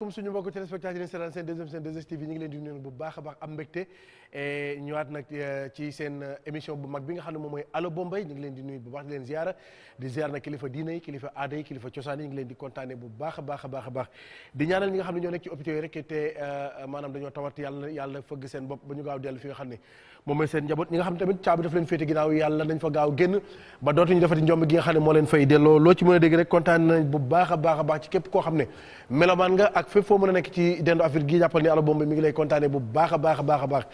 comme suñu mbokk téléspectateurs yi seen deuxième seen 2STV ñu ngi leen di nuyu bu baax a baax am mbégte euh, ci seen euh, émission bu mag bi nga xam ne moom mooy Allo Bombay ñu ngi leen di nuyu bu baax di leen ziar di ziar nag kilifa diine yi kilifa aada yi kilifa cosaan yi ñu ngi leen di kontaane bu baax a baax a baax a di ñaanal ñi nga xam ne ñoo nekk ci hôpitaux yi rek te euh, maanaam dañoo tawat yàlla yàlla fëgg seen bopp ba ñu gaaw dellu fi nga xam ne moom mooy seen njaboot ñi nga xam tamit caabi daf leen féete ginnaaw yàlla nañ fa gaaw génn ba dootuñu defati njomb gi nga xam ne moo leen fay delloo loo ci mën a dégg rek kontaan bu baax a baax a baax koo xam ne melomaan nga ak fépp foo nekk ci dendu Afrique gi jàppal ni ala bomba mi ngi lay kontaane bu a a baax a baax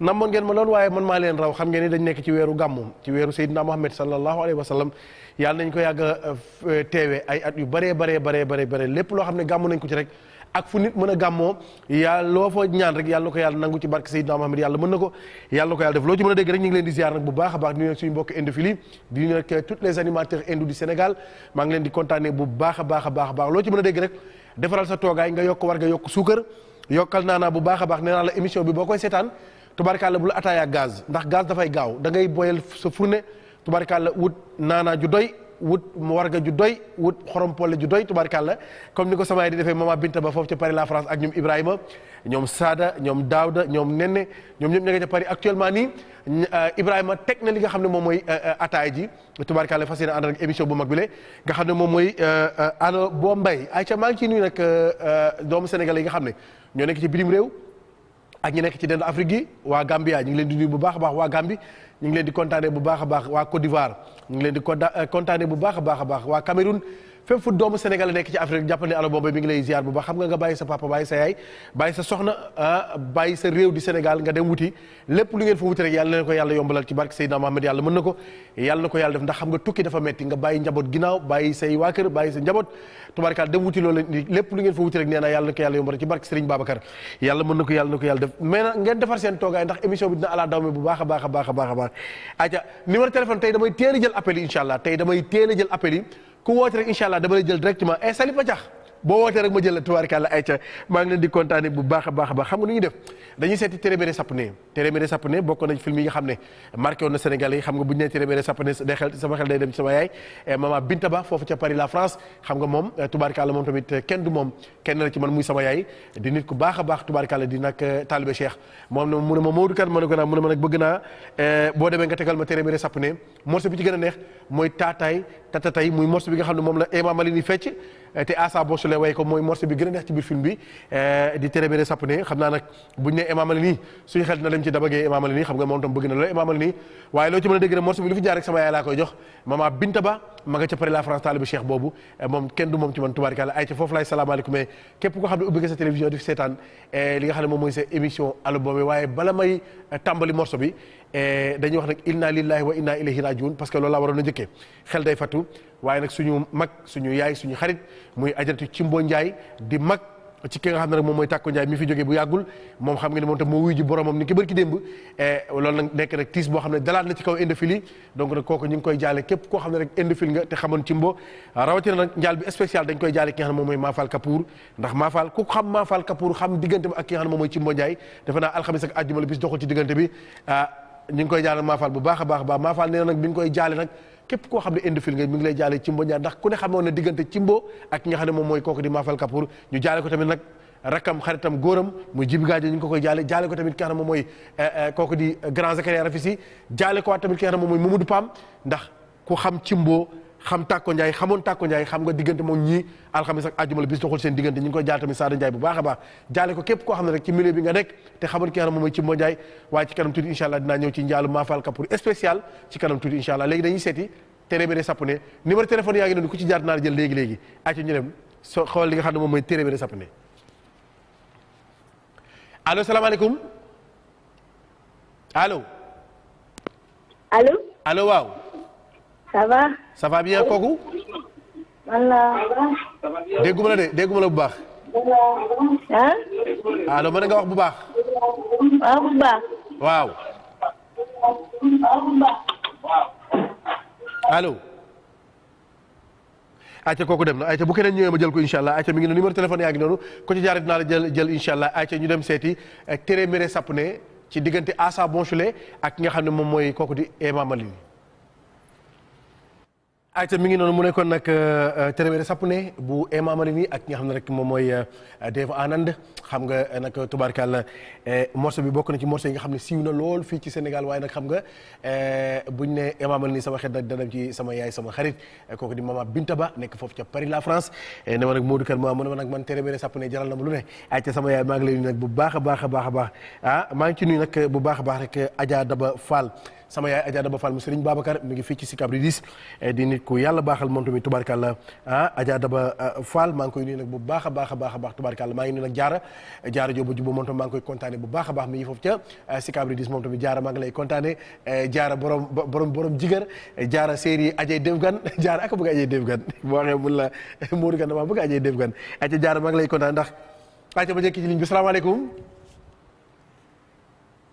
ngeen ma loolu waaye man maa leen raw xam ngeen ni dañ nekk ci weeru gàmmu ci weeru Seydina Muhammad sallallahu alayhi wa sallam yàlla nañ ko yàgg a euh, teewe ay at yu baree bare baree baree baree lépp loo xam ne gàmmu nañ ko ci rek ak fu nit mën a gàmmoo yàlla loo fa ñaan rek yàlla ko yàlla nangu ci barke Seydina Mohamed yàlla mën na ko yàlla ko yàlla def loo ci mën a dégg rek ñu ngi leen di ziar nag bu baax a baax di nuyu suñu mbokk indophilie di ngi leen di kontaane bu baax a a baax a baax loo ci a dégg rek defaral sa toogaay nga yokk war nga yokk suukar yokkal naanaa bu baax a baax nee naa la émission bi boo koy seetaan tubarkalla bu la ataaya gaz ndax gaz dafay gaaw da ngay boyal sa fourne tubarkalla wut naanaa ju doy wut warga ju doy wut xorom pole ju doy tubaarkàlla comme ni ko sama di defee mama Binta ba foofu ca Paris la France ak ñoom Ibrahima ñoom Saada ñoom Daouda ñoom Nenne ñoom ñëpp ña nga ca Paris actuellement nii euh, Ibrahima teg na li nga xam ne moom mooy euh, euh, ataay ji tubaarkàlla fas yéene ànd ak émission bu mag bi le nga xam ne moom mooy ana boo mbay ayca maa ngi ciy nuyu nag doomu sénégalais yi nga xam ne ñoo nekk ci bitim réew ak ñi nekk ci dend Afrique gi waa Gambia ñu ngi leen di nuyu bu baax a waa Gambie ñu ngi leen di kontaane bu baax a baax waa Côte d'Ivoire ñu ngi leen di euh, kontaane bu baax a baax a baax waa Cameroun fépp fu doomu Sénégal nekk ci Afrique jàppale Alla Bomboy mi nga nga bàyyi ah, ngeen fa wuti rek yàlla na ko yàlla yombalal ci barke Seydina Mohamed yàlla mën na ko yàlla na ko yàlla def ndax xam lu ngeen fa wuti rek nee na yàlla na a a baax a baax a baax aca numéro téléphone tey damay teel jël appel yi ku woote rek incha allah dama lay jël directement installé ma cax boo wootee rek ma jël la tubaarkàlla ayca maa ngi leen di kontaane bu baax a baax a baax xam nga nu ñuy def dañuy seeti téeméeri sapne téeméeri sapne bokk nañ film ne marqué woon na Sénégal yi xam bu ñu nee téeméeri sapne day xel sama xel day dem ci sama yaay eh, maman Binta moom eh, tubaarkàlla moom tamit eh, kenn du kenn la ci man muy nit ku baax a baax tubaarkàlla di nag taalibe Cheikh moom ne mu ne ma Maodo Kane ma ne ko naa mu ne ma nag bëgg naa boo demee nga tegal ma téeméeri sapne morceau bi ci gën a neex mooy taataay tatatay muy morceau bi nga xam ne moom la Ema Malini fecc Eh, te Assa Bochelé way ko mooy morceau bi gën a neex ci biir film bi eh, di tere bere sàpp ne xam naa nag buñ ne imaamali nii suñu xel dina dem ci dabagee imaamali nii xam nga moom tam bëgg na loolu imaamali nii waaye loo ci mën a dégg ne morceau bi lu fi jaar rek sama yaay laa koy jox mama Binta Ba ma nga ca Paris la France taalibu Cheikh boobu eh, moom kenn du moom ci man tubaarikàlla ay ca foofu laay salaamaaleykum mais képp ko xam ne ubbi nga sa télévision di fi seetaan li nga xam ne moom mooy bi Eh, dañuy wax nag inna lillahi wa inna ilayhi rajiun parce que loolu laa waroon a njëkkee xel day fatu mag suñu yaay suñu xarit muy ajaratu Cimbo Ndiaye di mag ci ki nga xam moom mooy Tàkko Ndiaye mi fi jógee bu moom xam nga ne moom tam moo wuyu ji eh, xam ne dalaat na ci kaw indofil yi donc kooku ñu ngi koy jaale képp koo xam ne rek indofil nga te xamoon Cimbo rawatina nag njaal bi spécial dañ koy jaale ki xam moom mooy Mafal Kapoor ndax Mafal ku xam Mafal Kapoor xam diggante bi ak ki nga xam ne moom mooy Cimbo Ndiaye defe naa alxamis ak àjjuma la bis doxul ci diggante bi ah, ñu ngi koy jaale maafaal bu baax a baax a baax maafaal nee na nag mi ngi koy jaale nag képp koo xam ne indifil nga mi ngi lay jaale Cimbo ñaar ndax ku ne xamoon ne diggante Cimbo ak ki nga xam ne moom mooy kooku di maafaal Kapoor jaale ko tamit nag rakkam xaritam góoram muy jibi jaale jaale ko tamit moom mooy eh, eh, kooku di grand Zakaria Rafisi jaale ko waat tamit ki xam ne moom mooy Mamadou Pam ndax ku xam Cimbo xam Tàkko Njaay xamoon Tàkko Njaay xam nga diggante moom ñii alxamis ak àjjuma la bis doxul seen diggante ñu koy jaal tamit Saada Njaay bu baax a baax jaale ko képp koo xam ne rek ci milieu bi nga nekk te xamoon ki nga xam moom mooy ci Njaay waaye ci kanam tuuti incha allah dinaa ñëw ci njaalu Mafal Kapoor spécial ci kanam tuuti incha allah léegi dañuy seeti téere bi de sappune téléphone yaa ngi noonu ku ci jaar jël léegi léegi acca allo salaamaaleykum allo ça va. bien kooku. voilà. dégguma la de dégguma bu baax. ah. allo mën nga wax bu bu baax. waaw. allo. ayca kooku dem na ayca bu keneen ñëwee ma jël ko incha allah ayca mi ngi noonu numéro téléphone yaa ngi noonu ko ci dinaa la jël jël incha allah ayca ñu dem seeti eh, Téréméré Sapné ci diggante Assa Bonchulé ak ki nga xam ne moom mooy kooku di Ema Malini. ayca mi ngi noonu mu ne nekkoon nag euh, euh, téréwéere sapune bu Ema Marini ak ki nga xam ne rek moom mooy euh, Deva Anand xam nga nag tubaarkàlla morceau bi bokk na ci morceau yi nga xam ne siiw na lool fii ci Sénégal waaye nag xam nga ñu ne Ema Marini sama xet nag dana ci sama yaay sama xarit kooku di mama Binta Ba nekk foofu ca Paris la France ne ma nag Modou Kane ma mu ne ma nag man téréwéere sapune jaral na ma lu ne ayca sama yaay maa ngi lay nuyu nag bu baax a baax a a baax ah maa ngi ci nuyu nag bu baax a baax rek Adja Daba Fall sama yaay Adja Daba Fall mu Serigne Babacar mi ngi fii ci Sicap Rydis eh, di nit ku yàlla baaxal moom tamit tubaarkàlla ah Adja Daba eh, Fall maa ngi koy nuyu nag bu baax a baax a baax a baax tubaarkàlla maa ngi nuyu nag jaara eh, jaara jooba juba moom tamit maa ngi koy kontaane bu baax a baax mi ngi foofu ca Sicap Rydis moom tamit jaara maa ngi lay kontaane jaara borom borom borom jigar jaara série Adjey Dev Gan jaara ak bëgg Adjey Dev Gan boo waxee mun la Modou Gan damaa bëgg Adjey Dev Gan Adja jaara maa ngi lay kontaane ndax Adja ba njëkk ci ligne bi salaamaaleykum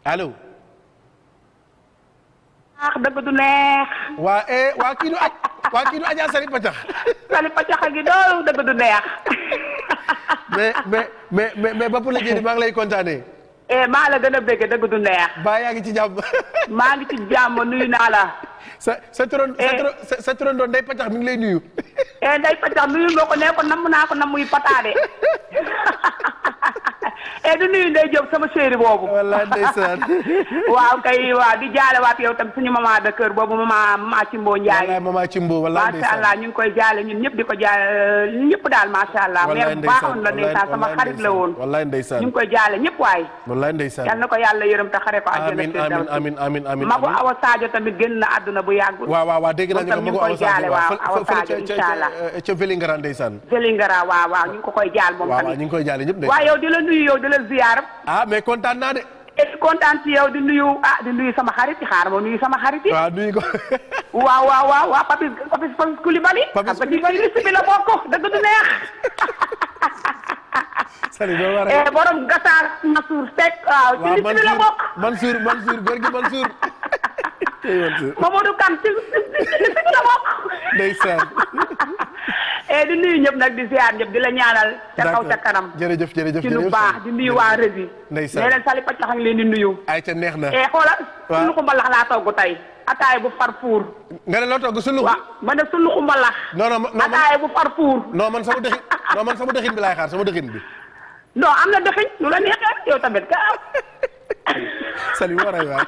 allo neex dëgg du neex. waa eh waa kii du aj waa kii a Adja Sali Pacax. Sali Pacax gi doolu dëgg du neex. mais mais mais mais mais bopp la maa ngi lay kontaanee. eh maa la gën a bëgg dëgg du neex. baa yaa ngi ci jàmm. maa ngi ci jàmm nuyu naa la. sa sa turon sa eh. turon doon Ndeye Pacax mi ngi lay nuyu. eh Ndeye Pacax nuyu nga ko ne ko namm naa ko nammuy pataade. e du nuyu Ndeye Diop sama chéri boobu. wallaay ndeysaan. waaw kay waaw di jaale waat yow tam suñu maman de kër boobu maman maman Cimbo Ndiaye. wallaay maman Cimbo allah ñu ngi koy jaale ñun ñëpp di ko jaale ñëpp daal macha allah. wallaay ndeysaan baaxoon la ndeysaan sama xarit la woon. wallaay ndeysaan ñu ngi koy jaale ñëpp waay. wallaay ndeysaan yal na ko yàlla yërëm te xare ko àjjana. amiin na àdduna bu yàggul. waaw waaw waaw dégg naa ne Magu Awa Sadio waaw Awa Sadio incha allah. ca ko koy jaal moom tamit. waaw koy jaale ñëpp ndeysaan waaw yow di la nuyu yow di la ah mais kontaan naa de. kontaan yow di nuyu ah di nuyu sama xarit xaar ma nuyu sama xarit yi. waaw Papis Papis Papis Koulibaly. Papis Koulibaly liste bi la bokk dëgg du neex. sali doo war a. borom Gassar Mansour Seck. waaw ci liste bi la bokk. Mamadou Kane ci ci ci la bokk. ndeysaan. Eh, di nuyu ñëpp nag di ziar ñëpp di la ñaanal. ca kaw ca kanam. jërëjëf jërëjëf ci lu baax di nuyu waa Rési. ndeysaan nee leen Sali Paccax a ngi leen di nuyu. ay ca neex na et eh, xoolal. waaw sunu ko mbalax laa togg tey. ataay bu farfuur. nga ne loo togg sunu. waaw ma ne sunu ko mbalax. non non man ataay bu farfuur. non man sama dëxin non man sama dëxin bi laay xaar sama dëxin bi. non am na dëxin lu la neexee yow tamit ka. Sali waray waay.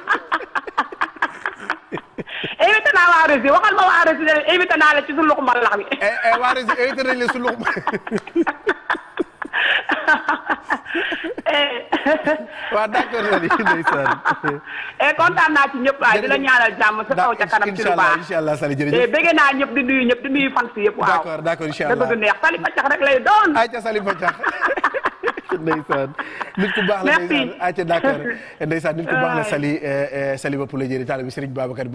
naa waa Russie waxal ma waa Russie ne invité naa la ci suñu luxu mbalax bi. Eh, eh, waa Russie invité nañ la suñu luxu. Eh. waaw d'accord loolu ndeysaan. kontaan naa ci ñëpp waaye di la ñaanal jàmm sa kaw ca kanam ci lu baax incha allah Sali jërëjëf bëgg naa ñëpp di nuyu ñëpp di nuyu fan si yëpp. waaw d'accord d'accord incha Sali Facax rek lay doon. ndeysaan nit ku baax la ndeysaan aca d'accord eh, ndeysaan nit ku baax la sali eh, eh, sali ba pula jëri taalibi Serigne Babacar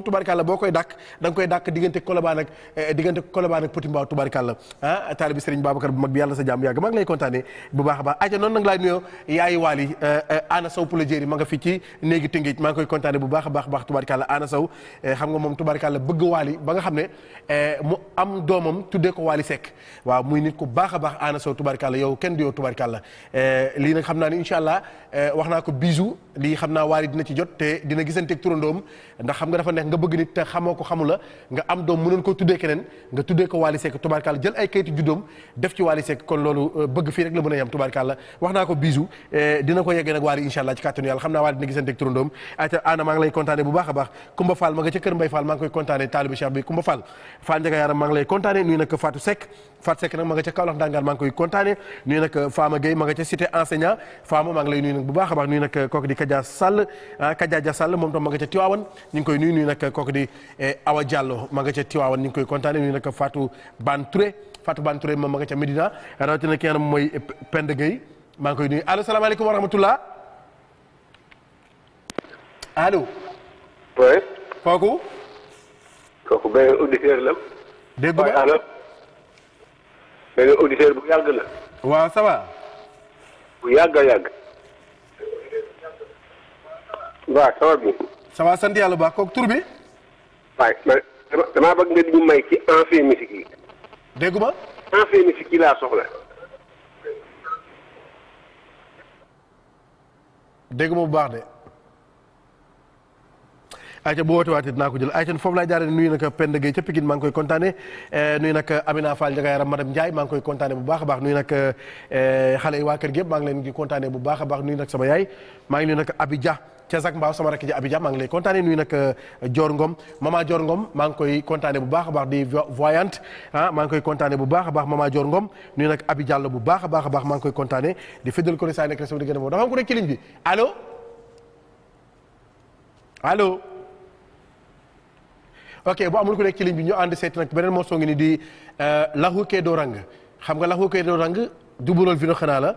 bi la boo koy dàkk da nga koy dàkk diggante Colobane ak ah, bu mag yàlla sa jàmm yàgg maa lay kontaane bu baax a baax aca noonu nag laay yaay waali Ana Sow Poule Jéeri ma nga fi ci néegi Tëngéej maa ngi koy kontaane bu baax a baax baax tubaarkàlla Ana Sow eh, xam nga moom tubaarkàlla bëgg waali ba nga xam ne eh, mu am doomam tuddee ko waali sekk waaw muy nit ku baax a baax Ana Sow tubaarkàlla yow kenn du yow tubaarkàlla eh, lii nag xam naa ni incha allah wax naa ko bijou lii xam naa waali dina ci jot te dina gisanteeg turandoom xam nga dafa nekk nga bëgg nit te ko xamula nga am doom mënoon koo ko waali sekk tubaarkàlla jël ay kayitu juddoom def ci waali sekk kon loolu bëgg fii rek la mën a yam tubaarkàlla wax naa ko nag waali incha allah ci kàttanu yàlla xam naa waa dina gisante ak turandoom ayta ana maa ngi lay kontaane bu baax a baax Kumba Fall ma nga ca kër Mbay Fall maa ngi koy kontaane taalibu Cheikh Kumba Fall Fall Njaga Yaram maa ngi ma nga koy kontaane nuyu nag Fama Gueye nag ma nga ca Tiwaawan ma nga koy kontaane nuyu nag Fatou Ban Touré Fatou Ban Touré moom ma nga ca Médina rawatina nga xam mooy Penda Gueye maa ngi koy nuyu allo salaamaaleykum wa rahmatullah allo. oui. kooku. kooku benn auditeur la. dégg nga waaye allo. benn auditeur bu yàgg la. waaw ça va. bu yàgg a yàgg. waaw ça va bi. ça va sant yàlla bu baax kooku tur bi. waaye man damaa bëgg nga ñu may ci ancien musique yi. dégg ma. ancien musique yi laa soxla. dégg baax ayca bu woote waatee dinaa ko jël ayca foofu laay jaaree nuyu nag Penda Gueye ca Pikine maa ngi koy kontaane eh, nuyu nag eh, Amina Fall Ndiaga yaram madame Ndiaye maa koy kontaane bu baax a baax nuyu nag eh, ngi leen di kontaane bu baax a baax nuyu nag sama yaay maa ngi nuyu nag Abidja ca Zac Mbao sama rakk ji Abidja maa ngi lay kontaane nuyu nag Dior Ngom maman Dior Ngom maa ngi koy kontaane bu baax a baax di voyante ah maa ngi koy kontaane bu baax a baax maman Dior Ngom nuyu nag Abi Diallo bu baax a baax a maa ngi koy kontaane di fidèle connaissance nekk sa di rek ci ligne ok bu amul ku nekk ci ligne bi ñu ànd seeti nag beneen morceau ngi ni di euh, Lahu Kedo Rang xam nga Lahu Kedo Rang dubulool Vinod Khana la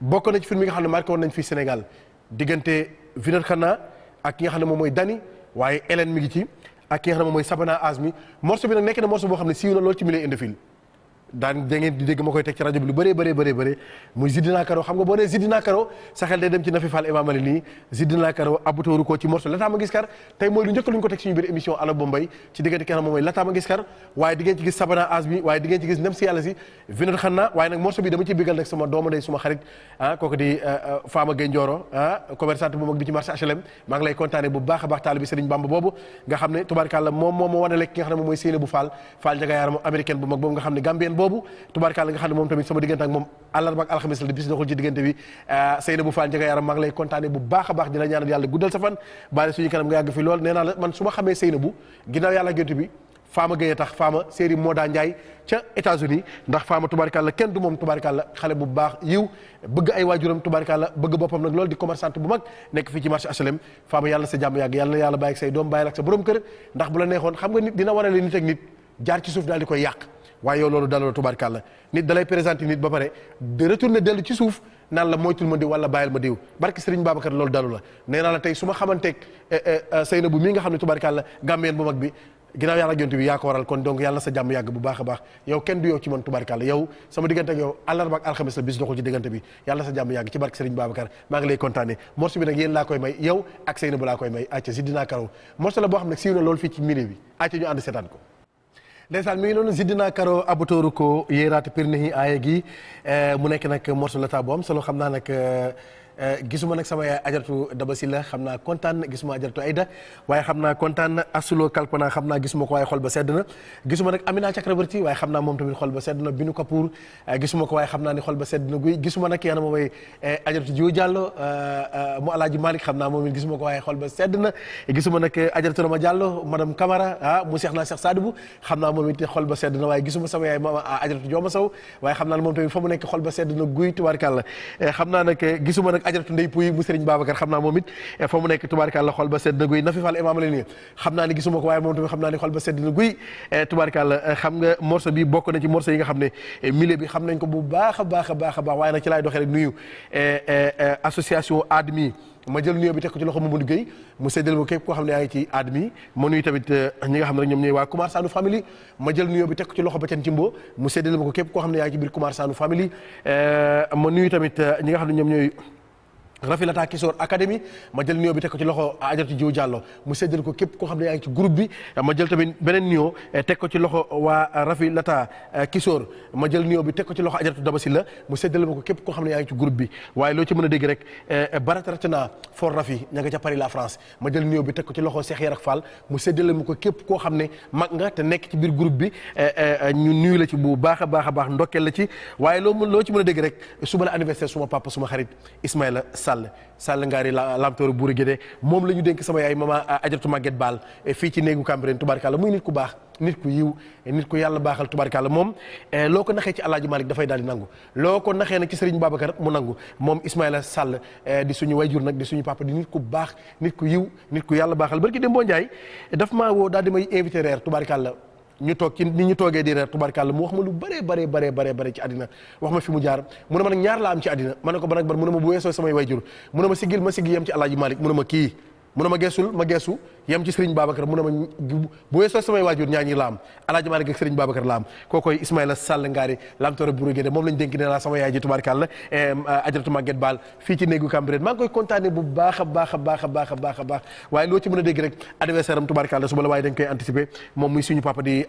bokk na ci film nga xam ne marqué woon nañ fii Sénégal diggante Vinod Khana ak ki nga xam ne moom mooy Dani waaye Hélène mi ngi ci ak ki na xam ne moom mooy Sabana Azmi morceau bi nag nekk na morceau boo xam ne siiw na lool ci milieu indophile daan da ngeen di dégg ma koy teg ci rajo bi lu bëree bëree bëree bëri muy Zidina Karo xam nga boo nee Zidina Karo sa xel dem ci Nafi Fall Imam Ali lay kontaane bu baax baax taalibi Serigne Bamba boobu nga xam ne tubaarkàlla moom moom moo wane lekk nga xam ne moom mooy Seynabou Fall Fall Ndiaga Yaram américaine bu mag nga xam ne Gambien boobu tubaarkàlla nga xam ne moom tamit sama diggante ak moom àllarba ak alxamis la bis doxul ci diggante bi euh, Seynabou Fall Ndiaga Yaram maa ngi lay kontaane bu baax a baax di la ñaanal yàlla guddal sa fan baale suñu kanam nga yàgg fi lool nee naa la man su ma xamee Seynabou ginnaaw yàlla géntu bi faama Gueye tax faama séeri Moda Ndiaye ca États-Unis ndax faama tubaarkàlla kenn du moom tubaarkàlla xale bu baax yiw bëgg ay waajuram tubaarkàlla bëgg boppam nag lool di commerçante bu nekk fii ci marché HLM faama yàlla sa jàmm yàgg yàlla na yàlla bàyyi ak say doom bàyyi ak suuf daal di koy yàq waaye yow loolu daloo tubaarkàlla nit dalay présenté nit ba pare de retourner dellu ci suuf naan la moytul ma diw wala bàyyil ma diw barki Serigne Babacar loolu dalu la nee naa la tey su ma xamanteeg eh, eh, eh, Seyna bu mii nga xam ne tubaarkàlla gàmmeen bu mag bi ginnaaw yàlla jontu bi yaa ko waral kon donc yàlla na bu baax a baax yow kenn du yow ci man tubaarkàlla yow sama diggante ak yow àllarba ak alxames la bis doxul ci diggante bi yàlla na sa jàmm yàgg ci barke Serigne Babacar maa ngi lay kontaane morceau bi nag yéen laa koy may yow ak Seyna bu boo xam ne siiw na loolu fii ci ko ndeysaan mi ngi noonu Zidina Karo abutooru ko yéeraati a aaye gi eh, mu nekk nag morceau la taa bu am solo xam naa nag eh, Eh, gisuma nag sama yaay ajartu Daba Sylla xam naa kontaan gisuma ajartu Aïda waaye xam naa kontaan Asulo Kalpana xam naa gisuma ko waaye xol ba sedd na gisuma nag Amina Chakrabarti naa moom tamit xol na Binu Kapoor eh, gisuma ko waaye xam naa ni xol ba na guy gisuma nag yana ma way eh, ajartu Jiw Jàllo mu Alaaji xam naa moom it gisuma ko waaye xol ba sedd na gisuma nag ajartu Rama Jàllo madame Camara ah mu Seex naa Seex Saadibu xam naa moom it ba sedd na waaye gisuma sama yaay ma ah, ajartu Jooma Sow waaye xam naa moom tamit fa mu nekk xol ba sedd na guy tubaarkàlla xam naa nag gisuma nag ajaratu ndey puy bu Serigne Babacar xam naa moom it eh, fa mu nekk tubaarikàlla ba sedd na la nii xam naa ko waaye eh, eh, ci ma mu séddale ko képp koo xam ne yaa ngi ci admi ma nuyu tamit ñi nga xam ne ma xam ne yaa ngi nuyu tamit ñi nga xam ne ñoom ñooy Rafilata Kisoor académie ma jël nuyoo bi teg ko ci loxo Ajaratu Jiw Jàllo mu séddal ko képp koo xam ne yaa ngi ci bi ma jël tamit beneen nuyoo eh, teg ko ci loxo waa Rafilata eh, Kisoor ma jël nuyoo bi teg ci loxo Ajaratu Daba Silla mu séddal ma ko képp koo xam ne yaa ngi ci groupe bi waaye loo ci mën a dégg rek eh, Barata Ratna for Rafi ña nga ca Paris la France ma jël nuyoo bi teg ko ci loxo Cheikh Yarak Fall mu séddale ma ko képp koo xam ne mag nga te nekk ci biir groupe bi ñu nuyu la ci bu baax a baax a baax ndokkeel la ci waaye loo loo ci mën a dégg rek suba la anniversaire suma papa suma xarit Ismaïla Sall Sall ngaari lamtoor a Guédé moom la ñu dénk sama yaay mama ah, Adjaratou Maguette Baal eh, fii ci néegu Cambérène tubaarkàlla muy nit ku baax nit ku yiw eh, nit ku yàlla baaxal tubaarkàlla moom eh, loo ko naxee ci Alaaji Malick dafay daal di nangu loo woo daal di may invité reer tubaarkàlla ñu toog ci ni ñu toogee di reer tubarkàlla mu wax ma lu bëree bëree bëree bëree bëri ci àddina wax ma fi mu jaar mu ne ma nag ñaar la am ci àddina ma ne ko ban ak ban mu a ma bu weesoo samay wayjur mu ne ma siggil ma siggi yem ci alaaji Malick mu ne ma kii mu a ma geesul ma geesu yam ci Serigne Babacar mu ne ma ñaa ñi laam alaaji Maalik ak Serigne Babacar laam Sall Ngaari laam moom lañ dénk ne laa sama yaay ji tubaarkàlla euh, ajaratu Maguette Baal fii ci néegu Cambérène bu baax a baax a baax a baax a baax a loo ci mën a dégg rek anniversaire am tubaarkàlla suba la waaye dañ koy anticiper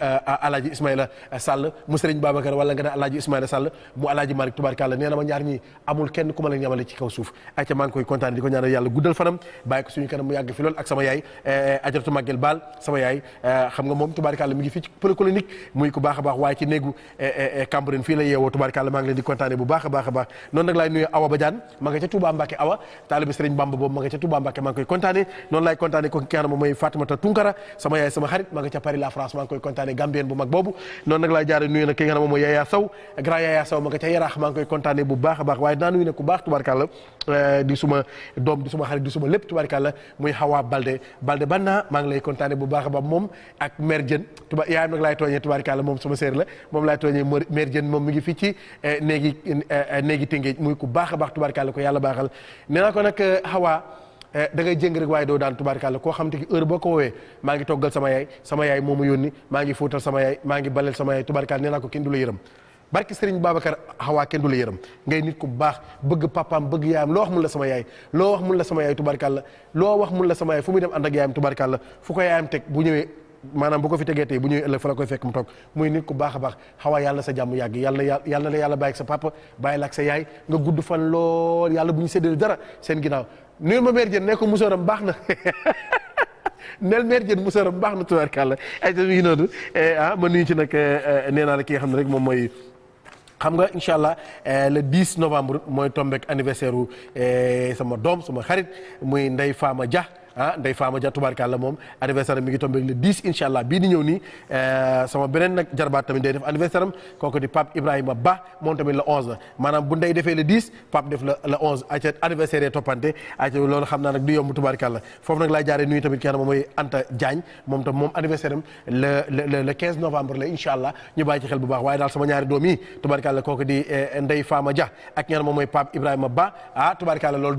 euh, wala nga ne alaaji Ismaïla Sall mu alaaji Maalik ma ñaar ñi amul kenn ku ma leen yamale ci kaw suuf ayca maa ngi koy kontaane di ko ñaanal yàlla guddal fanam bàyyi ko suñu kanam mu yàgg fi lool ak sama yaay Eh, ajaratu Maguette Baal sama yaay eh, xam nga moom tubaarikàlla mi muy ku baax a baax waaye ci néegu a a ne moom baax a baax di suma doom di suma xarit di suma lépp tubaarikàlla muy Hawa Balde Balde Anna maa ngi lay kontaane bu baax a baax moom ak mère Diène tuba yaayam nag laay tooñee tubaarikàlla moom sama séer la moom laay tooñee mère Diène moom mi ngi fii ci eh, néegi eh, eh, néegi Tëngéej muy ku baax a baax tubaarikàlla ko yàlla baaxal nee naa ko nag Hawa da ngay jëng rek waaye doo daan tubaarkàlla koo xam te ki heure boo ko maa ngi toggal sama yaay sama yaay moo ma yónni maa ngi fóotal sama yaay maa ngi baleel sama yaay tubaarkàlla nee naa ko kenn du la yërëm barki Serigne Babacar xawaa kenn du la yërëm ngay nit ku baax bëgg papaam bëgg yaayam loo wax mun la sama yaay loo wax mun la sama yaay tubarkàlla loo wax mun la sama yaay fu muy dem ànd ak yaayam tubarkàlla fu ko yaayam teg bu ñëwee maanaam bu ko fi tegee tey bu ñëwee ëllëg fa la koy fekk mu toog muy nit ku baax a baax xawaa yàlla sa jàmm yàgg yàlla yàlla la yàlla bàyyi ak sa papa bàyyi la ak sa yaay nga gudd fan lool yàlla bu ñu séddale dara seen ginnaaw nuyul ma mère Diène ne ko musóoram baax na nel mère Diène musóoram baax na tubarkàlla ay tamit noonu eh, ah ma nuyu ci nag eh, eh, nee naa la ki nga xam ne rek moom mooy xam nga incha allah eh, le 10 novembre mooy tombeek anniversaire wu eh, sama doom sama xarit muy Ndeye Fama Dia. ah Ndeye Fama Dia tubaarkàlla moom anniversaire am mi ngi tombé le 10 incha allah bii di ñëw nii eh, sama beneen nag jarbaat tamit day def anniversaire am kooku di Pape Ibrahima Ba moom tamit le 11 la maanaam bu ndey defee le 10 Pape def xam naa nag du yomb tubaarkàlla foofu nag laay jaaree nuyu tamit ki nga xam ne moom mooy Anta Diagne moom tam la incha allah ñu bàyyi xel bu baax waaye daal sama ñaari doom yi tubaarkàlla kooku di eh, Ndeye Fama Dia ak ñaar moom mooy Pape Ibrahima Ba ah tubaarkàlla ñu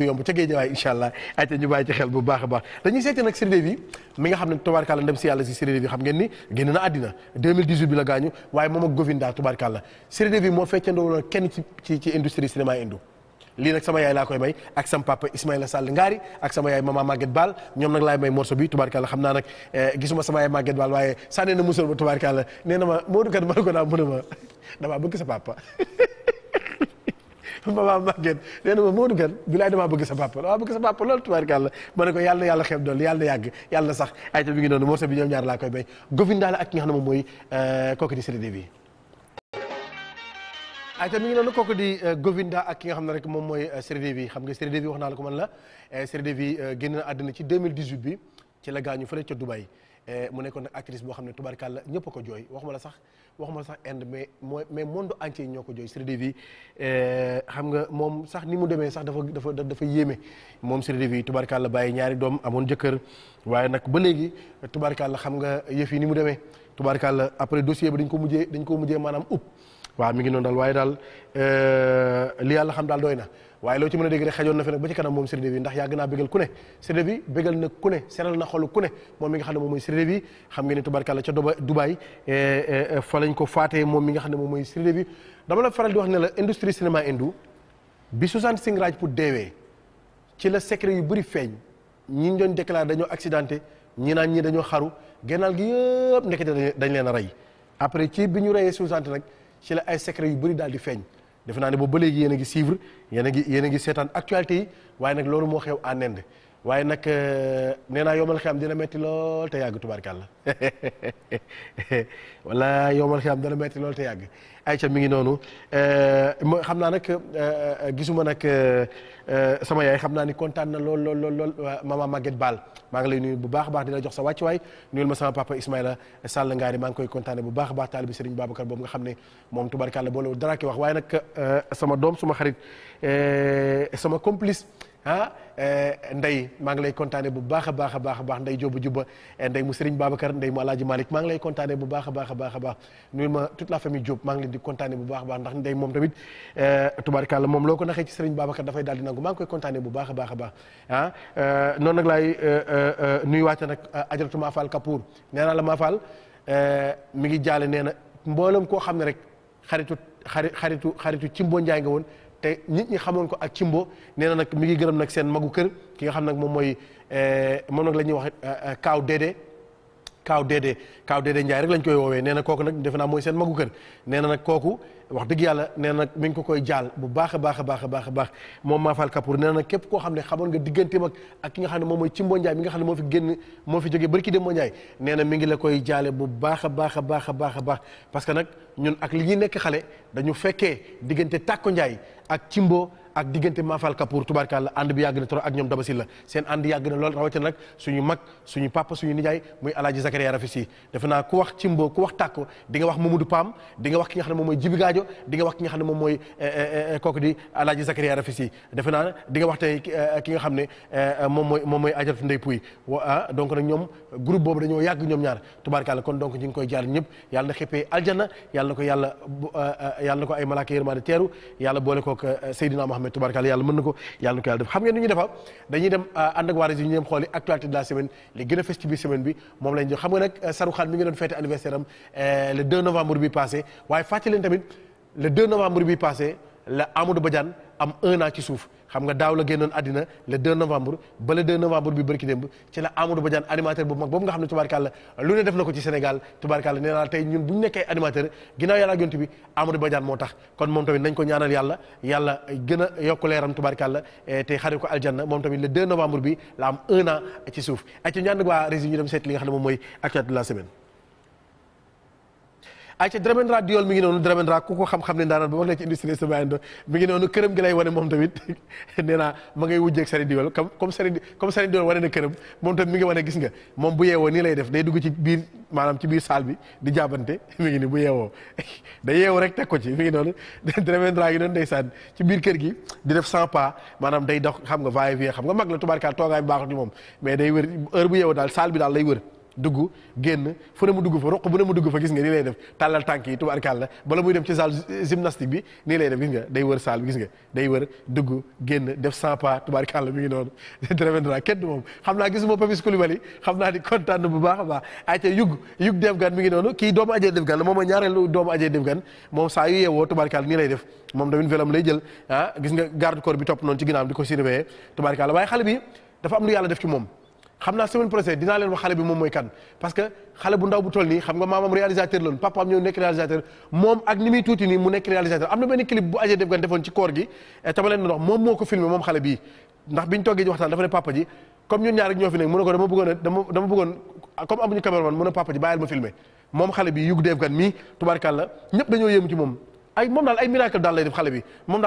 bàyyi ci xel bu baax a baax dañuy seeti nag Siré Lévi nga xam ne tubaarkàlla ndem si yàlla si Siré Lévi xam ngeen ni génn na àddina 2018 bi la gaañu waaye moom ak Govinda tubaarkàlla Siré Lévi moo feccandoo kenn ci ci ci industrie cinéma indo lii nag sama yaay laa koy may ak sama papa Ismaïla Sall Ngari ak sama yaay mama maget baal ñoom nag laay may morceau bi tubaarkàlla xam naa nag eh, gisuma sama yaay Maguette Ball waaye sànnee na musal ba tubaarkàlla nee na ma Modou kat ma ne ko a mama Maguette nee na ma Modou Kane bilaay damaa bëgg sa papa damaa bëgg sa papa lool tubaarkàlla ma ne ko yàlla yàlla xeeb dool yàlla yàgg yàlla sax ay ta bi ngi noonu morceau bi ñoom ñaar laa koy bay Govinda la ak ki nga xam ne moom mooy euh, di Siré euh, ak ki nga xam ne rek moom mooy euh, Siré Devi xam nga Siré Devi wax naa la ko man la Siré Devi génn na àddina ci 2018 bi ci la gaañu fële du Dubaï Eh, mu nekkoon nag actrice boo xam ne tubarkàlla ñëpp a ko jooy waxuma la sax waxuma la sax Inde mais mooy mais monde entier ñoo ko jooy Sridevi eh, xam nga moom sax ni mu demee sax dafa dafa dafa yéeme moom Sridevi tubarkàlla bàyyi ñaari doom amoon jëkkër waaye nag ba léegi tubarkàlla xam nga yëf yi ni mu demee tubarkàlla après dossier bi dañ ko mujjee dañ ko mujjee maanaam up waaw mi ngi noonu daal waaye daal euh, li yàlla xam daal doy na waaye loo ci mën a dégg rek xajoon na fi nag ba ci kanam moom Siré Bi ndax yàgg naa bégal ku ne Siré Bi bégal na ku ne seral na xolu ku ne moom mi nga xam ne moom mooy Siré Bi xam ngeen ne tubarkàlla ca Dubaay euh, euh, fa lañ ko faatee moom mi nga xam ne moom mooy Siré Bi dama la faral di wax ne la industrie cinéma indou bi Susan Singh pour deewee ci la secret yu bëri feeñ ñi ñu doon déclaré dañoo accidente ñi naan ñi dañoo xaru gennaal gi yëpp ndekete dañ leen a rey après ci bi ñu reyee Susan nag ci la ay secret yu bëri daal di feeñ defe naa ne boobu ba léegi yéen a ngi suivre yéen a ngi yéen a ngi seetaan actualité yi waaye nag loolu moo xew en Inde waaye nag euh, nee naa yomal xiyam dina metti lool te yàgg tubaarkàlla wala yomal xiyam dina metti lool te yàgg ayca mi ngi noonu euh, ma xam naa nag euh, gisuma nag sama yaay xam naa ni kontaan na lool lool lool lool mama Maguette Baal maa ngi lay nuyu bu baax a baax dina jox sa wàccuwaay nuyul ma sama papa Ismaïla Sall Ngaari maa ngi koy kontaane bu baax a baax taalibi Serigne Babacar boobu nga xam ne moom tubaarkàlla boolewul dara ki wax waaye nag sama doom suma xarit sama complice. ah Ndeye maa ngi lay kontaane bu baax a baax a baax a baax Ndeye Diop jubba eh, Ndeye mu Serigne Babacar Ndeye mu Alaaji Malick maa ngi lay kontaane bu baax a baax a baax a baax nuyu ma toute la famille Diop maa ngi leen di kontaane bu baax a baax ndax Ndeye moom tamit eh, tubaarkàlla moom loo ko naxee ci Serigne Babacar dafay daal di nangu maa ngi koy kontaane bu baax a baax a baax ah noonu lay laay nuyu waate nag ajaratu Mafal Kapoor nee naa la Mafal mi ngi jaale nee na mboolem koo xam ne rek xaritu xari xaritu xaritu Cimbo Ndiaye nga woon te nit ñi xamoon ko ak cimbo nee na nag mi ngi gërëm nag seen magu kër ki nga xam nag moom mooy eh, moom nag la ñuy wax eh, eh, kaaw déedee kaaw déedee kaaw déedee Ndiaye rek lañ koy woowee nee na kooku nag defe naa mooy seen magu kër nee na nag kooku wax dëgg yàlla nee na nag mi ngi koy jaal bu baax a baax a baax a baax a baax moom Mafal Kapoor nee na nag képp koo xam ne xamoon nga digganteem ak ak ki nga xam ne moom mooy Cimbo Ndiaye mi nga moo fi génn moo fi jógee barki Demba Ndiaye nee na mi la koy jaale bu baax a baax a baax a baax baax parce que nag ñun ak li ñuy nekk xale dañu fekkee diggante Tàkko Ndiaye ak Cimbo ak diggante Mafal Kapoor tubaarkàlla ànd bi yàgg na trop ak ñoom Daba Sylla seen ànd yàgg na lool rawatina nag suñu mag suñu papa suñu nijaay muy Alaaji Zakaria Rafisi defe naa wax Cimbo ki nga xam ne moom mooy Jibi Gaajo di nga wax ki nga xam ne moom mooy eh, eh, eh, kooku di Alaaji Zakaria Rafisi defe naa di nga wax tey ki nga xam ne moom mooy moom mooy Ajaratu Ndey Puy wa ah, donc nag ñoom groupe boobu dañoo yàgg ñoom ñaar tubaarkàlla kon donc ñu ngi koy jaar ñëpp yàlla na xëppee aljana yàlla na ko yàlla yàlla na ko ay malaaka yërmaande teeru yàlla boole kook Seydina Muhammad xam ne tubaarkàlla yàlla mën na ko yàlla def xam ngeen ni ñuy defa dañuy dem euh, ànd ak waa régie ñu dem xooli actualité de semaine li gën a fës semaine bi moom lañ xam nga nag euh, Saru Xaan mi ngi doon fête anniversaire am euh, le 2 novembre bi passé waaye fàttali leen tamit le 2 novembre bi passé la Amadou Badiane am un ci suuf xam nga daaw la génnoon àddina le 2 novembre ba le 2 novembre bi bërki démb ci la Amadou Badiane animateur bu mag boobu nga xam ne tubaarkàlla lu ne def na ko ci Sénégal tubaarkàlla nee naa tey ñun bu ñu nekkee animateur ginnaaw yàlla ak yonent bi Amadou Badiane moo tax kon moom tamit nañ ko ñaanal yàlla yokk leeram tubaarkàlla eh, te moom tamit le 2 novembre bi la am un an ci suuf ak ci ñu ànd waa rési ñu dem seet nga xam ne moom mooy actualité de la semaine ayca Dramendra Diol mi ngi noonu Dramendra ku ko xam-xam ne daanaka ba mag lay wane moom tamit nee ma ngay wujjeeg Sary Diol comme comme Sary comme Sary Diol wane na këram moom tamit mi ngi wane gis nga moom bu yeewoo nii lay def day dugg ci biir maanaam ci biir salle bi di jàppante mi ngi ni bu yeewoo da yeewu rek teg ci mi ngi noonu Dramendra gi noonu ndeysaan ci biir kër gi di def cent pas maanaam day dox xam nga va et vient xam nga mag la tubaarkaal toogaay baaxul ci moom bi daal lay wër dugg génn fu ne mu dugg fa roq bu ne mu dugg fa gis nga nii lay def tàllal tànk yi tubaarkàlla bala muy dem ci salle gymnastique bi nii lay def gis nga day wër salle bi gis def 100 pas tubaarkàlla mi ngi noonu drevendra xam naa gisuma Papis xam naa di kontaan bu a baax ngi noonu kii doomu ajee Devgan la moom a ñaareelu doomu ajee Devgan moom saa yu yeewoo tubaarkàlla ah, gis nga garde corps bi topp noonu ci ginnaaw di ko surveiller bi dafa am lu yàlla def ci moom xam naa semaine prochaine dinaa leen wax xale bi moom mooy kan parce xale bu ndaw bu toll nii xam nga maamam réalisateur loon papaam ñëw nekk réalisateur moom ak ni muy tuuti nii mu nekk réalisateur am na benn clip bu ajee def gan defoon ci koor gi tama eh, leen doon wax moom moo ko filmé moom xale bii ndax biñ toggee ji waxtaan dafa ne papa ji comme ñun ñaar rek ñoo fi nekk mu ne ko dama bëggoon comme amuñu caméraman mu ne papa ma filmé moom xale bi yug def gan mii tubaarkàlla ñëpp dañoo yéemu ci moom ay moom daal ay miracle daal lay moom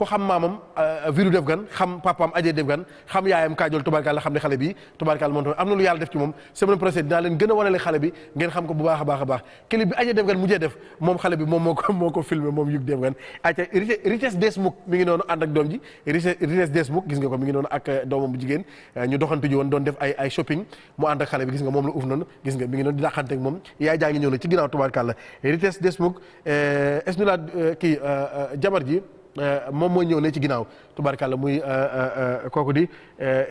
ko xam maamam euh, viru def gan xam papaam ajee def gan xam yaayam kaajool tubaarkaal la xam ne xale bi tubaarkaal moom tamit am na lu yàlla def ci moom semaine prochaine dinaa leen gën a wanale xale bi ngeen xam ko bu baax a baax a baax clip bi ajee def gan mujjee def moom xale bi moom moo ko moo ko filmé moom yug def gan aca Richesse Desmouk mi ngi noonu ànd ak doom ji Richesse Desmouk gis nga ko mi ngi noonu ak euh, doomam bu jigéen euh, ñu doxantu ji woon doon def ay ay shopping mu ànd ak xale bi gis nga moom la uuf noonu gis nga mi ngi noonu di dàqante ak moom yaay jaa ngi ñëw na ci ginnaaw tubaarkaal la Richesse Desmouk est-ce que la kii jabar ji Euh, moom mooy ñëw ne ci ginnaaw la muy euh, euh, kooku di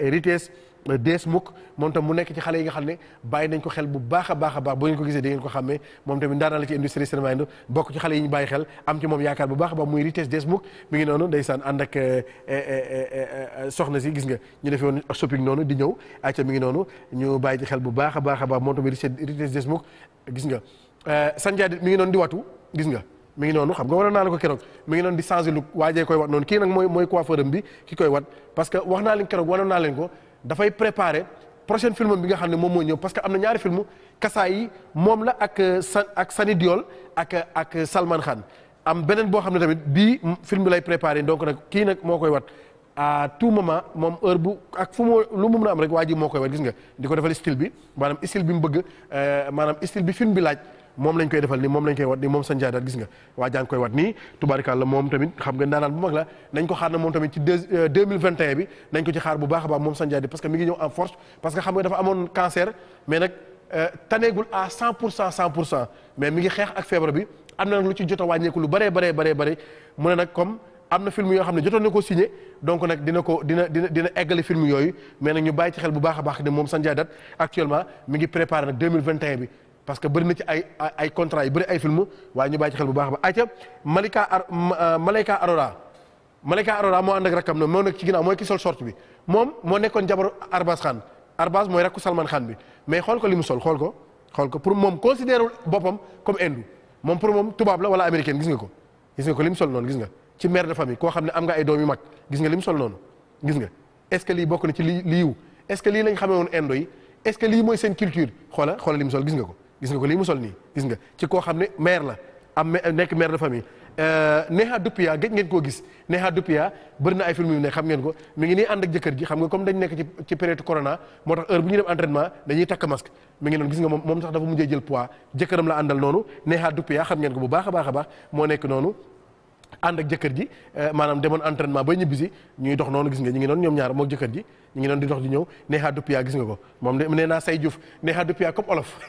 ritees Dees Mukk moom tam mu nekk ci xale yi nga xam ne bàyyi nañ ko xel bu baax a baax a baax bu ngeen ko gisee di ngeen ko xàmmee moom tamit ndaanaa la ci industrie cinéma indo bokk ci xale yi ñu bàyyi xel am ci moom yaakaar bu baax a baax muy Rites Dees Mukk mi soxna si gis nga ñu defee woon shopping noonu di ñëw acca mi ngi noonu ñu bàyyi ci xel bu baax a a baax moom tamit Rites Dees nga Sanjaa mi ngi noonu di watu gis nga mi ngi noonu xam nga waroon naa la ko keroog mi ngi noonu di changé lu waajee koy wat noonu kii nag mooy mooy coiffeur am bi ki koy wat parce que wax naa leen keroog waroon naa leen ko dafay préparé prochaine film bi nga xam ne moom moo ñëw parce que am na ñaari film kasaa moom la ak euh, sa ak Sani Diol ak ak Salman Khan am beneen boo xam ne tamit bii film bi lay préparé donc rek kii nag moo koy wat à tout moment moom heure bu ak fu mu lu mu mën am rek waa ji moo koy wat gis nga di ko defal style bi maanaam style bi mu bëgg euh, maanaam style bi film bi laaj moom lañ koy defal nii moom lañ koy wat nii moom Sanjay daal gis nga waa jaa ngi koy wat nii tubaarikàlla moom tamit xam nga ndaanaan bu mag la nañ ko xaar na moom tamit ci deux euh, mille vingt et un bi nañ ko ci xaar bu baax a baax moom Sanjay di parce que mi ngi ñëw en force parce nag euh, taneegul à cent pour cent cent pour cent mais mi ngi xeex ak feebar bi am na lu ci jot a lu bëree bëree bëree bëri ne nag comme am na film yoo xam ne jotoon ko signé nag dina ko dina dina dina eggali film yooyu mais nag ñu bàyyi ci bu baax baax ne moom Sanjay Dutt mi ngi préparé nag bi parce que bëri na ci ay ay contrat yi bëri ay film waaye ñu bàyyi ci xel bu baax ba ayca Malika Ar euh, Malika moo ànd ak rakkam noonu moo nekk ci ginnaaw mooy ki sol short bi moom moo nekkoon jabaru Arbas Khan Arbas mooy rakku Salman Khan bi mais xool ko li mu sol xool ko xool ko pour moom considéré boppam comme hindou moom pour moom tubaab la wala américaine gis nga ko gis nga ko li mu sol noonu gis nga ci mère de famille koo xam ne am nga ay doom yu mag gis nga sol noonu gis gis nga ko lii mu sol nii gis nga ci koo xam ne maire la am nekk maire de famille euh, Neha Dupia gëj ngeen koo gis Neha Dupia bëri na ay film yu ne xam ngeen ko mi ngi nii ànd ak jëkkër ji xam nga comme nekk ci ci période corona moo tax heure bu ñu dem entraînement dañuy takk masque mi ngi noonu gis nga moom moom sax dafa mujjee jël poids jëkkëram la àndal noonu Neha Dupia xam ngeen ko bu baax moo nekk noonu ànd ak jëkkër ji euh, maanaam demoon entraînement ba ñibbisi ñuy dox noonu gis nga ñu noonu ñoom ñaar moog jëkkër ji ñu ngi doon di dox di ñëw neexaa duppiyaa gis nga ko moom de nee naa say Diouf neexaa duppiyaa comme olof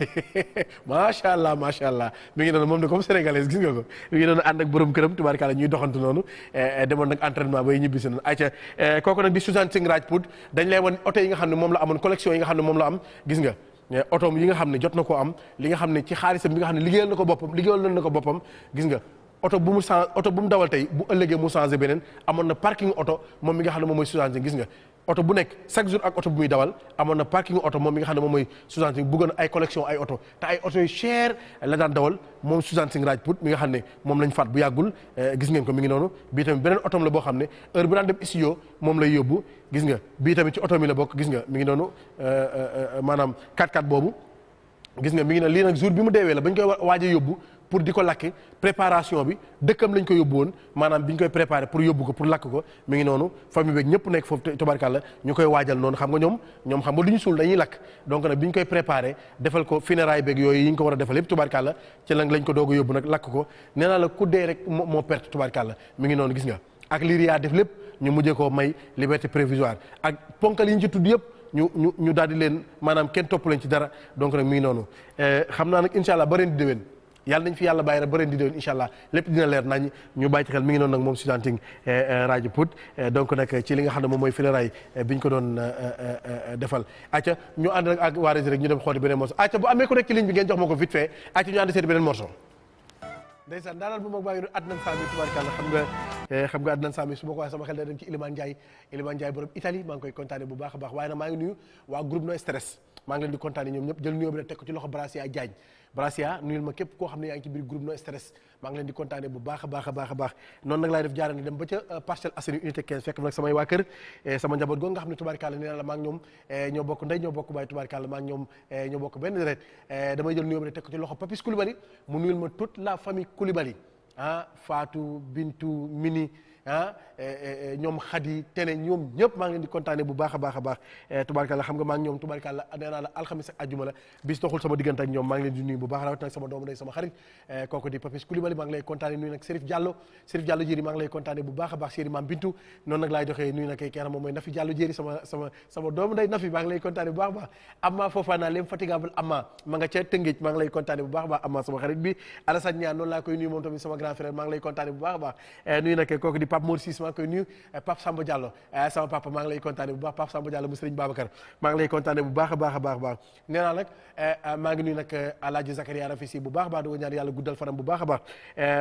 macha allah macha allah mi ngi doon moom de comme sénégalais gis nga ko mi ngi doon ànd ak borom këram tubaarkalla ñuy doxantu noonu eh, eh, demoon nag entraînement bay ñibbisi eh, nga xam ne moom la amoon collection nga xam ne moom la am gis nga otoom yi nga xam ne jot na koo am li nga xam ne ci xaalisam bi nga xam ne liggéeyal na ko boppam liggéeyal gis nga oto bu mu oto bu mu dawal tey bu ëllëgee mu changé beneen amoon na parking oto moom mi nga xam ne moom mooy changé gis nga oto bu nekk chaque jour ak oto bu muy dawal amoon na parking oto moom mi nga xam ne moom mooy Suzanne Singh bëggoon ay collection ay oto te ay oto yu cher la daan dawal moom Suzanne Singh Rajput mi nga xam ne moom lañ faat bu yàggul eh, gis ngeen ko mi ngi noonu bii tamit beneen otom la boo xam ne heure bu daan dem studio moom lay yóbbu gis nga bii tamit ci oto mi la bokk gis nga mu ngi noonu eh, eh, maanaam 4 x boobu gis nga mu ngi ne lii nag jour bi mu deewee la bañ koy waaj a yóbbu pour di ko lakk préparation bi dëkkam lañ ko yóbbu woon maanaam bi ñu koy préparé pour yóbbu ko pour lakk ko mi ngi noonu famille beeg ñëpp nekk foofu tubarkalla ñu koy waajal noonu xam nga ñoom ñoom xam nga lu ñu suul dañuy lakk donc nag bi ñu koy préparé defal yooyu yi ñu ko war a defal yëpp tubarkalla ci lan lañ ko doog a yóbbu ko nee naa la ku dee rek moo perte tubarkalla mi ngi noonu gis nga ak li def lépp ñu mujjee koo may liberté provisoire ak ponkal yi yëpp ñu ñu ñu daal di leen maanaam kenn topp leen ci dara donc nag mi ngi noonu eh, xam naa nag incha allah ba ren di déwén yàlla nañ fi yàlla bàyyi rek ba ren di doon incha allah lépp dina leer nañ ñu bàyyi ci xel mi ngi noonu nag moom Soudan eh, eh, rajo Pout eh, donc nag ci li nga xam ne moom mooy fileray bi ñu ko doon defal acca ñu ànd nag ak waa rek ñu dem xooti beneen morceau acca bu amee ku nekk ci ligne bi ngeen jox ma ko vite fait acca ñu ànd seeti beneen morceau ndeysaan daanal bu mag baa ngi Adnan Sami su ma ko sama xel day dem ci Iliman Ndiaye Iliman Ndiaye bu baax a maa ngi nuyu waa maa ngi leen di kontaane ñoom ñëpp jël nuyoo bi rek teg ko ci loxo Bracia Diagne Bracia nuyul ma képp koo xam ne yaa ngi ci biir groupe no stress maa ngi leen di kontaane bu baax a baax a baax a baax noonu nag laay def jaarane dem ba ca euh, Parcelles Assainies unité 15 fekk nag samay waa kër euh, sama njaboot googu nga xam ne tubaarkàlla nee na la maa ngi ñoom euh, ñoo bokk ndey ñoo bokk baay tubaarkàlla maa ngi ñoom ñoo bokk benn deret damay jël nuyoo bi rek teg ah eh, eh, eh, ñoom xadi tene ñoom ñëpp maa ngi leen di kontaane bu baax a baax a baax tubaarkàlla xam nga maa ngi ñoom tubaarkàlla nee la alxamis ak àjjuma sama diggante ñoom maa ngi leen di nuyu bu baax a baax Serif Maam Bintu noonu nag maa ma nga ca Tëngéej maa ngi lay kontaane bu baax a baax Amma sama xarit bi Alassane Niane noonu laa koy nuyu moom tamit sama grand frère maa ngi lay kontaane bu baax a baax nuyu nag kooku di Pape Mor Cissé maa ngi koy nuyu eh, Pape Samba Diallo eh, sama papa maa ngi lay kontaane bu baax Pape Samba Diallo mu Serigne Babacar maa ngi lay kontaane bu baax a baax a baax baax nee naa nag eh, maa ngi nuyu nag Alaaji Zakaria Rafisi bu baax a baax di ko ñaan yàlla guddal bu baax a baax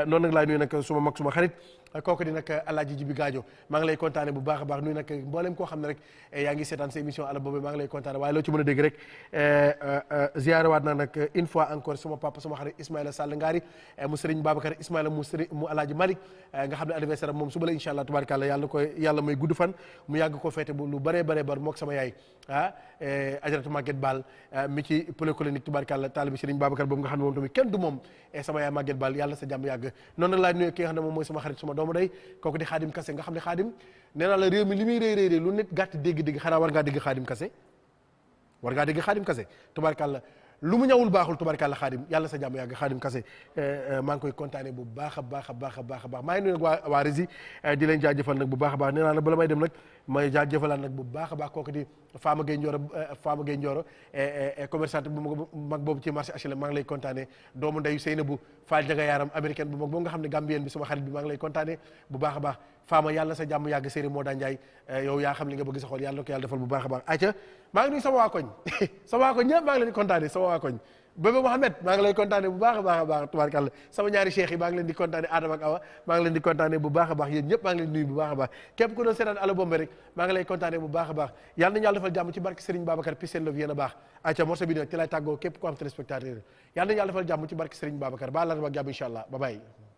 noonu nag laay nuyu nag suma mag suma xarit kooku di nag alaaji jibi gaajo maa ngi lay kontaane bu baax a baax nuyu nag mboolem koo xam ne rek eh, yaa ngi seetaan sa émission ala boobu maa ngi lay kontaane waaye loo ci mën na dégg rek eh, eh, ziyaarawaat naa nag une fois encore suma papa suma xarit Ismaïla Sall Ngaari mu Serigne Babacar Ismaïla mu Serigne mu alaaji Malick nga xam ne anniversaire am moom suba la incha allah tubaarkàlla yàlla koy yàlla may gudd fan mu yàgg ko feete bu lu bare bare bar mook sama yaay ah eh, ajaratu Maguette Ball ah, mi ci polyclinique tubaarkàlla taalibi Serigne Babacar boobu nga xam ne moom tamit kenn du moom eh, sama yaay Maguette Ball yàlla sa jàmm yàgg noonu nag laay nuyu ki nga xam ne moom mooy sama xarit sama doomu day kooku di xaadim kase nga xam ne xaadim nee naa la réew mi li muy réy réy lu nit gàtt dégg-dégg xanaa war ngaa dégg xaadim kase war ngaa dégg xaadim kase tubaarkàlla lu mu ñawul baaxul la xaadim yàlla sa jàmm yàgg xaadim kase eh, eh, maa ngi koy kontaane bu baax a baax a baax a baax a baax maa ngi nuyu waa waa eh, di leen jaajëfal nag bu baax a baax nee naa nag bala may dem nag may jaajëfalaat nag bu baax a baax kooku di faama Gueye Ndioro Fama Gueye Ndioro commerçante bu mag boobu ci marché HLM maa ngi lay kontaane doomu ndeyu Seyna bu Fall Jaga Yaaram américaine bu mag boobu nga xam ne Gambien bi suma xarit bi maa ngi lay kontaane bu baax a baax faama yàlla sa jàmm yàgg séri moo daa njaay eh, yow yaa xam li nga bëgg sa xol yàlla ko yàlla defal bu baax a baax aca maa ngi nuyu sama waa koñ sama waa koñ ñëpp maa ngi leen di kontaane a a Adama ak Awa maa ngi leen di kontaane bu baax a baax a a baax yàlla nañu yàlla defal jàmm ci barke Serigne Babacar pi lof yéen a baax aca morceau bi nag ci tàggoo képp ku am téléspectateur yàlla nañu yàlla defal jàmm ci barke Serigne Babacar ba àllarba ak jàmm incha